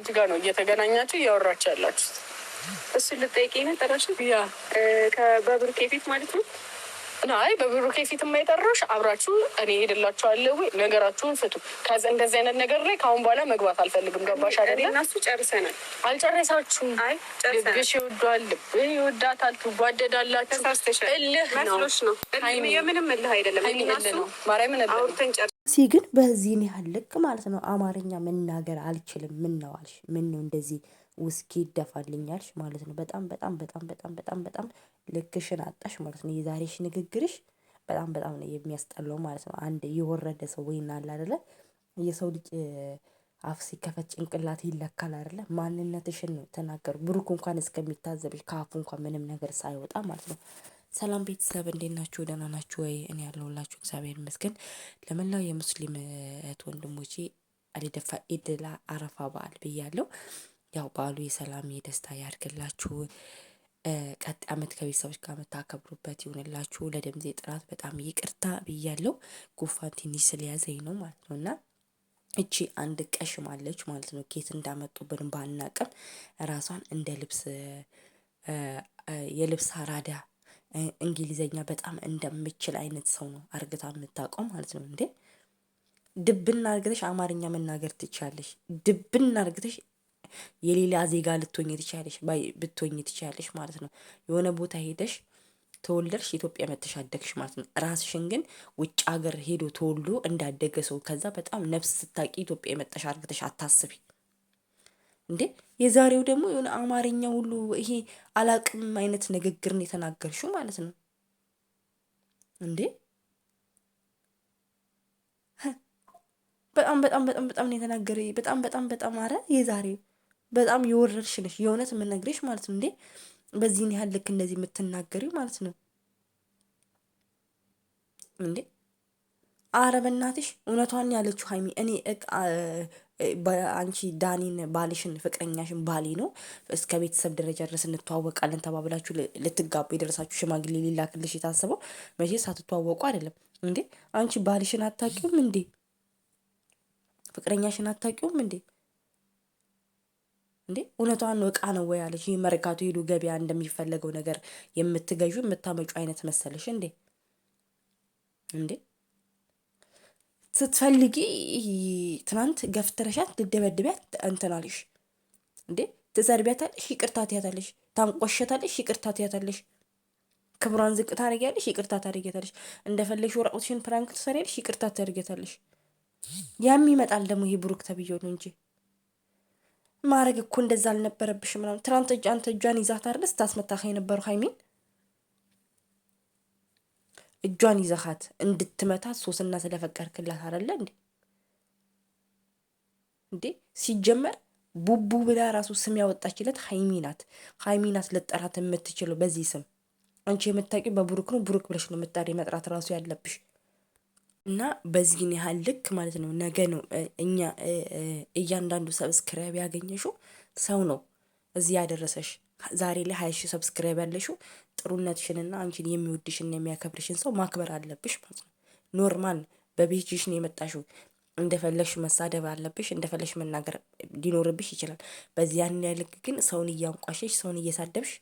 ልጅ ጋር ነው እየተገናኛችሁ እያወራች ያላችሁ። እሱ ልጠይቀኝ ነው የጠራሽው? ያ በብሩኬ ፊት ማለት ነው? አይ በብሩኬ ፊት የማይጠራሽ አብራችሁ እኔ ሄድላችኋለሁ፣ ነገራችሁን ፍቱ። ከዚ እንደዚህ አይነት ነገር ላይ ከአሁን በኋላ መግባት አልፈልግም። ገባሽ አለ እናሱ ጨርሰናል። አልጨረሳችሁም። ልብሽ ይወዷል፣ ልብ ይወዳታል፣ ትጓደዳላችሁ። እልህ ነው። ነው የምንም እልህ አይደለም። ማርያምን አውርተን ሲ ግን በዚህን ያህል ልክ ማለት ነው አማርኛ መናገር አልችልም። ምን ነው አልሽ ምን ነው እንደዚህ ውስኪ ይደፋልኝ አልሽ ማለት ነው። በጣም በጣም በጣም በጣም በጣም በጣም ልክሽን አጣሽ ማለት ነው። የዛሬሽ ንግግርሽ በጣም በጣም ነው የሚያስጠላው ማለት ነው። አንድ የወረደ ሰው ወይና አለ አይደለ የሰው ልጅ አፍ ሲከፈት ጭንቅላት ይለካል አይደለ ማንነትሽን ነው ተናገሩ። ብሩክ እንኳን እስከሚታዘብሽ ከአፉ እንኳን ምንም ነገር ሳይወጣ ማለት ነው ሰላም ቤተሰብ እንዴት ናችሁ? ደህና ናችሁ ወይ? እኔ ያለሁላችሁ እግዚአብሔር ይመስገን። ለመላው የሙስሊም እህት ወንድሞቼ አሊደፋ ኢድላ አረፋ በዓል ብያለሁ። ያው በዓሉ የሰላም የደስታ ያድርግላችሁ። ቀጥ አመት ከቤተሰቦች ጋር የምታከብሩበት ይሆንላችሁ። ለደምዜ ጥራት በጣም ይቅርታ ብያለሁ። ጉንፋን ትንሽ ስለያዘኝ ነው ማለት ነው እና እቺ አንድ ቀሽም አለች ማለት ነው። ኬት እንዳመጡብን ባናቅም ራሷን እንደ ልብስ የልብስ አራዳ እንግሊዘኛ በጣም እንደምችል አይነት ሰው ነው አርግታ የምታውቀው ማለት ነው። እንዴ ድብን አርግተሽ አማርኛ መናገር ትችያለሽ። ድብና አርግተሽ የሌላ ዜጋ ልትሆኚ ትችያለሽ ብትሆኚ ትችያለሽ ማለት ነው። የሆነ ቦታ ሄደሽ ተወልደሽ ኢትዮጵያ መጥተሽ አደግሽ ማለት ነው። ራስሽን ግን ውጭ ሀገር ሄዶ ተወልዶ እንዳደገ ሰው ከዛ በጣም ነፍስ ስታቂ ኢትዮጵያ የመጣሽ አርግተሽ አታስቢ እንዴ የዛሬው ደግሞ የሆነ አማርኛ ሁሉ ይሄ አላቅም አይነት ንግግር ነው የተናገርሽው ማለት ነው። እንዴ በጣም በጣም በጣም በጣም ነው የተናገረ በጣም በጣም በጣም አረ የዛሬው በጣም የወረድሽ ነሽ የእውነት የምነግርሽ ማለት ነው። እንዴ በዚህን ያህል ልክ እንደዚህ የምትናገሪ ማለት ነው። እንዴ አረ በእናትሽ እውነቷን ያለችው ሀይሚ እኔ አንቺ ዳኒን ባልሽን ፍቅረኛሽን ባሊ ነው እስከ ቤተሰብ ደረጃ ድረስ እንተዋወቃለን ተባብላችሁ ልትጋቡ የደረሳችሁ ሽማግሌ ሊላክልሽ የታሰበው መቼ ሳትተዋወቁ አይደለም እንዴ? አንቺ ባልሽን አታውቂውም እንዴ? ፍቅረኛሽን አታውቂውም እንዴ? እንዴ እውነቷን እቃ ነው ወይ አለች። ይህ መርካቶ ሄዱ ገበያ እንደሚፈለገው ነገር የምትገዡ የምታመጩ አይነት መሰለሽ እንዴ እንዴ? ስትፈልጊ ትናንት ገፍትረሻት ልደበድቢያት እንትናልሽ እንዴ ትሰርቢያታለሽ፣ ይቅርታ ትያታለሽ። ታንቆሸታለሽ፣ ይቅርታ ትያታለሽ። ክብሯን ዝቅ ታደርጊያለሽ፣ ይቅርታ ታደርጊያታለሽ። እንደፈለግሽ ወራቁትሽን ፕራንክ ትሰሪያለሽ፣ ይቅርታ ታደርጊያታለሽ። ያም ይመጣል ደግሞ ይሄ ብሩክ ተብዬው ነው እንጂ ማድረግ እኮ እንደዛ አልነበረብሽ ምናምን። ትናንት አንተ እጇን ይዛት አይደል ስታስመታህ የነበረው ሀይሚን እጇን ይዘሃት እንድትመታት ሶስና ስለፈቀድክላት አደለ እንዴ? እንዴ ሲጀመር ቡቡ ብላ ራሱ ስም ያወጣችለት ሀይሚ ናት። ሀይሚ ናት ልጠራት የምትችለው በዚህ ስም። አንቺ የምታውቂው በብሩክ ነው። ብሩክ ብለሽ ነው የምትጠሪ መጥራት ራሱ ያለብሽ። እና በዚህን ያህል ልክ ማለት ነው። ነገ ነው እኛ እያንዳንዱ ሰብስክራይብ ያገኘሽው ሰው ነው እዚህ ያደረሰሽ። ዛሬ ላይ ሀያ ሺህ ሰብስክራይብ ያለሽው ጥሩነትሽንና አንቺን የሚወድሽን የሚያከብርሽን ሰው ማክበር አለብሽ ማለት ነው። ኖርማል በቤጅሽ ነው የመጣሽው። እንደፈለግሽ መሳደብ አለብሽ፣ እንደፈለግሽ መናገር ሊኖርብሽ ይችላል። በዚያን ያልክ ግን ሰውን እያንቋሸሽ ሰውን እየሳደብሽ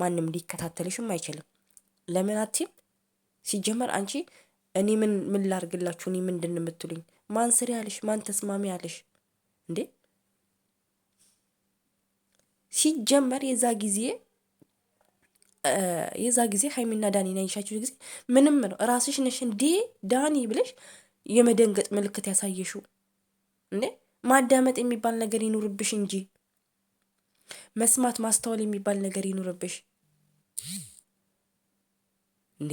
ማንም ሊከታተልሽም አይችልም። ለምን አትይም? ሲጀመር አንቺ እኔ ምን ምን ላርግላችሁ? እኔ ምንድን የምትሉኝ? ማን ስሪ ያለሽ? ማን ተስማሚ ያለሽ እንዴ? ሲጀመር የዛ ጊዜ የዛ ጊዜ ሀይሚና ዳኒ ናይሻችሁ ጊዜ ምንም ነው ራስሽ ነሽ እንዴ ዳኒ ብለሽ የመደንገጥ ምልክት ያሳየሹ እንዴ? ማዳመጥ የሚባል ነገር ይኑርብሽ እንጂ መስማት ማስተዋል የሚባል ነገር ይኑርብሽ እንዴ?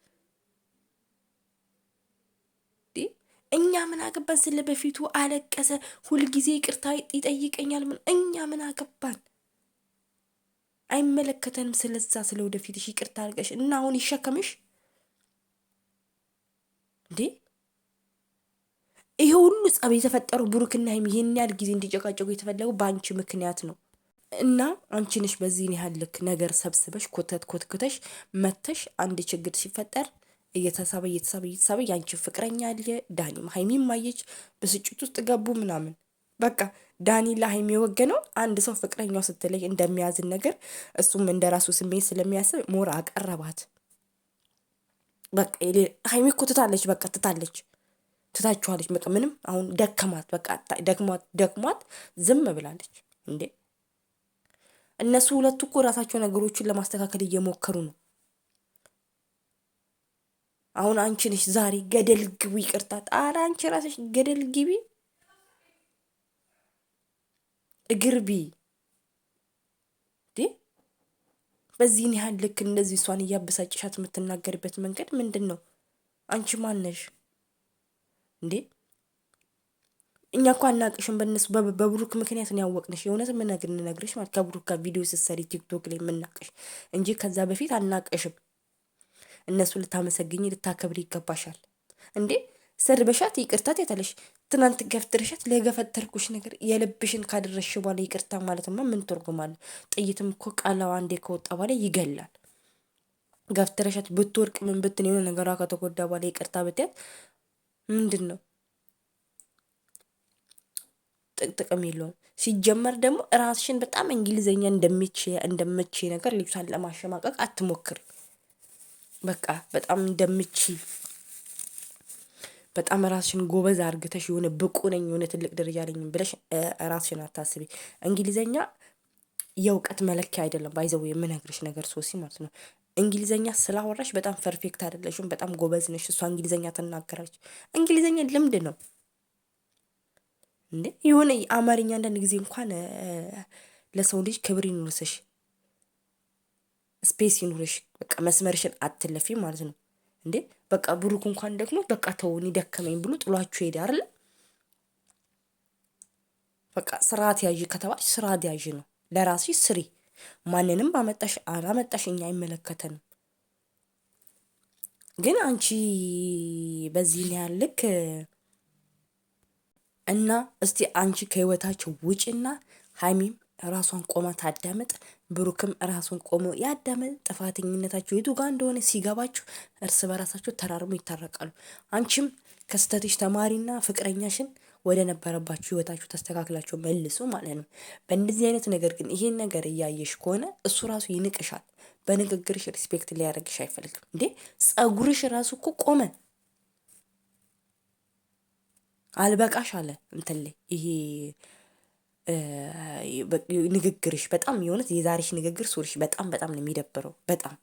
እኛ ምን አገባን? ስለ በፊቱ አለቀሰ። ሁልጊዜ ይቅርታ ይጠይቀኛል። ምን እኛ ምን አገባን? አይመለከተንም። ስለዛ ስለ ወደፊትሽ ይቅርታ አልቀሽ እና አሁን ይሸከምሽ እንዴ? ይሄ ሁሉ ጸብ የተፈጠረው ብሩክና ሀይሚ ይህን ያህል ጊዜ እንዲጨቃጨቁ የተፈለገው በአንቺ ምክንያት ነው። እና አንቺንሽ በዚህን ያህል ልክ ነገር ሰብስበሽ ኮተት ኮትኩተሽ መተሽ አንድ ችግር ሲፈጠር እየተሳበ እየተሳበ እየተሳበ ያንቺ ፍቅረኛ አለ ዳኒም ሀይሚም አየች፣ ብስጭት ውስጥ ገቡ ምናምን። በቃ ዳኒ ለሀይሚ የወገነው አንድ ሰው ፍቅረኛው ስትለይ እንደሚያዝን ነገር እሱም እንደ ራሱ ስሜት ስለሚያስብ ሞር አቀረባት። በቃ ሀይሚ እኮ ትታለች፣ በቃ ትታለች፣ ትታችኋለች። በቃ ምንም አሁን ደከማት፣ በቃ ደክሟት ደክሟት ዝም ብላለች። እንዴ እነሱ ሁለቱ እኮ ራሳቸው ነገሮችን ለማስተካከል እየሞከሩ ነው። አሁን አንቺ ነሽ ዛሬ ገደል ግቡ፣ ይቅርታ ጣራ፣ አንቺ ራስሽ ገደል ግቢ፣ እግር ቢ በዚህን ያህል ልክ እንደዚህ እሷን እያበሳጭሻት የምትናገርበት መንገድ ምንድን ነው? አንቺ ማነሽ እንዴ? እኛ እኮ አናቅሽም። በነሱ በብሩክ ምክንያት ነው ያወቅንሽ። የእውነት ምነግር እንነግርሽ ማለት ከብሩክ ጋር ቪዲዮ ስትሰሪ ቲክቶክ ላይ የምናቅሽ እንጂ ከዛ በፊት አናቅሽም። እነሱ ልታመሰግኝ ልታከብር ይገባሻል። እንዴ ሰርበሻት ይቅርታት የተለሽ ትናንት ገፍትረሻት ለገፈተርኩሽ ነገር የልብሽን ካደረሽ በኋላ ይቅርታ ማለትማ ምን ትርጉም አለው? ጥይትም እኮ ቃላዋ አንዴ ከወጣ በኋላ ይገላል። ገፍትረሻት ብትወርቅ ምን ብትን የሆነ ነገሯ ከተጎዳ በኋላ ይቅርታ ብትያት ምንድን ነው ጥቅጥቅም የለውም። ሲጀመር ደግሞ ራስሽን በጣም እንግሊዘኛ እንደምቼ እንደምቼ ነገር ልጅቷን ለማሸማቀቅ አትሞክር። በቃ በጣም እንደምቺ በጣም ራስሽን ጎበዝ አርግተሽ የሆነ ብቁ ነኝ የሆነ ትልቅ ደረጃ ነኝ ብለሽ ራስሽን አታስቢ። እንግሊዘኛ የእውቀት መለኪያ አይደለም ባይዘው የምነግርሽ ነገር ሶሲ ማለት ነው። እንግሊዘኛ ስላወራሽ በጣም ፐርፌክት አይደለሽም በጣም ጎበዝ ነሽ እሷ እንግሊዘኛ ትናገራለች እንግሊዘኛ ልምድ ነው። እንዴ የሆነ አማርኛ አንዳንድ ጊዜ እንኳን ለሰው ልጅ ክብር ይኑርስሽ ስፔስ ይኑርሽ። በቃ መስመርሽን አትለፊ ማለት ነው እንዴ። በቃ ብሩክ እንኳን ደግሞ በቃ ተውን ይደከመኝ ብሎ ጥሏችሁ ሄደ አይደለ። በቃ ስርዓት ያዥ ከተባልሽ ስርዓት ያዥ ነው። ለራስሽ ስሪ። ማንንም አመጣሽ አላመጣሽ እኛ አይመለከተንም። ግን አንቺ በዚህ ነው ያልክ እና እስቲ አንቺ ከህይወታቸው ውጭና ሀይሚም ራሷን ቆማ ታዳምጥ። ብሩክም ራሱን ቆሞ ያዳምጥ። ጥፋተኝነታችሁ የቱ ጋር እንደሆነ ሲገባችሁ እርስ በራሳችሁ ተራርሞ ይታረቃሉ። አንቺም ከስተትሽ ተማሪና ፍቅረኛሽን ወደ ነበረባችሁ ህይወታችሁ ተስተካክላችሁ መልሱ ማለት ነው። በእንደዚህ አይነት ነገር ግን ይሄን ነገር እያየሽ ከሆነ እሱ ራሱ ይንቅሻል። በንግግርሽ ሪስፔክት ሊያደርግሽ አይፈልግም። እንዴ ጸጉርሽ ራሱ እኮ ቆመ አልበቃሽ አለ እንትን ላይ ይሄ ንግግርሽ በጣም የሆነት የዛሬሽ ንግግር ሱሪሽ በጣም በጣም ነው የሚደብረው በጣም